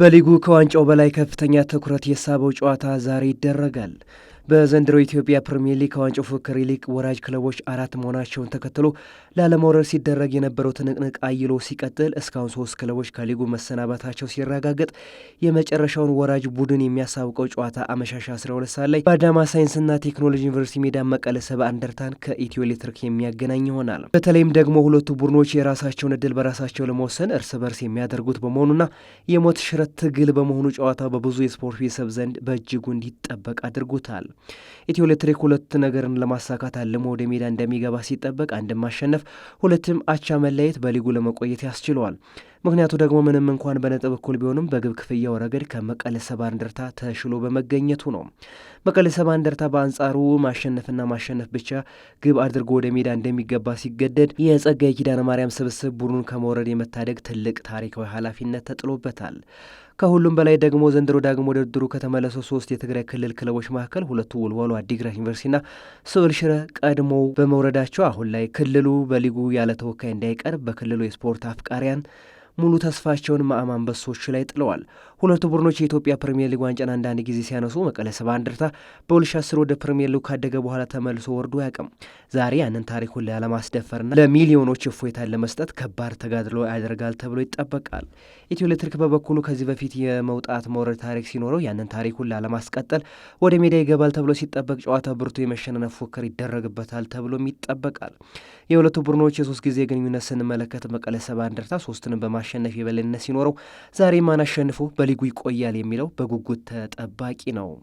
በሊጉ ከዋንጫው በላይ ከፍተኛ ትኩረት የሳበው ጨዋታ ዛሬ ይደረጋል። በዘንድሮ ኢትዮጵያ ፕሪምየር ሊግ ከዋንጫው ፉክክር ሊግ ወራጅ ክለቦች አራት መሆናቸውን ተከትሎ ላለመውረድ ሲደረግ የነበረው ትንቅንቅ አይሎ ሲቀጥል እስካሁን ሶስት ክለቦች ከሊጉ መሰናባታቸው ሲረጋገጥ የመጨረሻውን ወራጅ ቡድን የሚያሳውቀው ጨዋታ አመሻሽ 12 ሰዓት ላይ በአዳማ ሳይንስና ቴክኖሎጂ ዩኒቨርሲቲ ሜዳ መቀለ ሰባ እንደርታን ከኢትዮ ኤሌክትሪክ የሚያገናኝ ይሆናል። በተለይም ደግሞ ሁለቱ ቡድኖች የራሳቸውን እድል በራሳቸው ለመወሰን እርስ በርስ የሚያደርጉት በመሆኑና የሞት ሽረት ትግል በመሆኑ ጨዋታው በብዙ የስፖርት ቤተሰብ ዘንድ በእጅጉ እንዲጠበቅ አድርጎታል። ኢትዮ ኤሌክትሪክ ሁለት ነገርን ለማሳካት አልሞ ወደ ሜዳ እንደሚገባ ሲጠበቅ አንድም ማሸነፍ፣ ሁለትም አቻ መለየት በሊጉ ለመቆየት ያስችለዋል። ምክንያቱ ደግሞ ምንም እንኳን በነጥብ እኩል ቢሆንም በግብ ክፍያው ረገድ ከመቀለ ሰባ እንደርታ ተሽሎ በመገኘቱ ነው። መቀለ ሰባ እንደርታ በአንጻሩ ማሸነፍና ማሸነፍ ብቻ ግብ አድርጎ ወደ ሜዳ እንደሚገባ ሲገደድ የጸጋዬ ኪዳነ ማርያም ስብስብ ቡድኑን ከመውረድ የመታደግ ትልቅ ታሪካዊ ኃላፊነት ተጥሎበታል። ከሁሉም በላይ ደግሞ ዘንድሮ ዳግሞ ውድድሩ ከተመለሱ ሶስት የትግራይ ክልል ክለቦች መካከል ሁለቱ ወልዋሎ አዲግራት ዩኒቨርሲቲና ስዕል ሽረ ቀድሞ በመውረዳቸው አሁን ላይ ክልሉ በሊጉ ያለ ተወካይ እንዳይቀርብ በክልሉ የስፖርት አፍቃሪያን ሙሉ ተስፋቸውን ማዕማ አንበሶች ላይ ጥለዋል። ሁለቱ ቡድኖች የኢትዮጵያ ፕሪምየር ሊግ ዋንጫን አንዳንድ ጊዜ ሲያነሱ መቀለ ሰባ እንደርታ በ2010 ወደ ፕሪምየር ሊግ ካደገ በኋላ ተመልሶ ወርዶ አያውቅም። ዛሬ ያንን ታሪኩን ላለማስደፈርና ለሚሊዮኖች እፎይታን ለመስጠት ከባድ ተጋድሎ ያደርጋል ተብሎ ይጠበቃል። ኢትዮ ኤሌክትሪክ በበኩሉ ከዚህ በፊት የመውጣት መውረድ ታሪክ ሲኖረው ያንን ታሪኩን ላለማስቀጠል ወደ ሜዳ ይገባል ተብሎ ሲጠበቅ ጨዋታ ብርቱ የመሸነፍ ፉክክር ይደረግበታል ተብሎም ይጠበቃል። የሁለቱ ቡድኖች የሶስት ጊዜ ግንኙነት ስንመለከት መቀለ ሰባ እንደርታ ሶስትንም በማሸነፍ የበላይነት ሲኖረው ዛሬ ማን አሸንፎ በልዩ ሊጉ ይቆያል የሚለው በጉጉት ተጠባቂ ነው።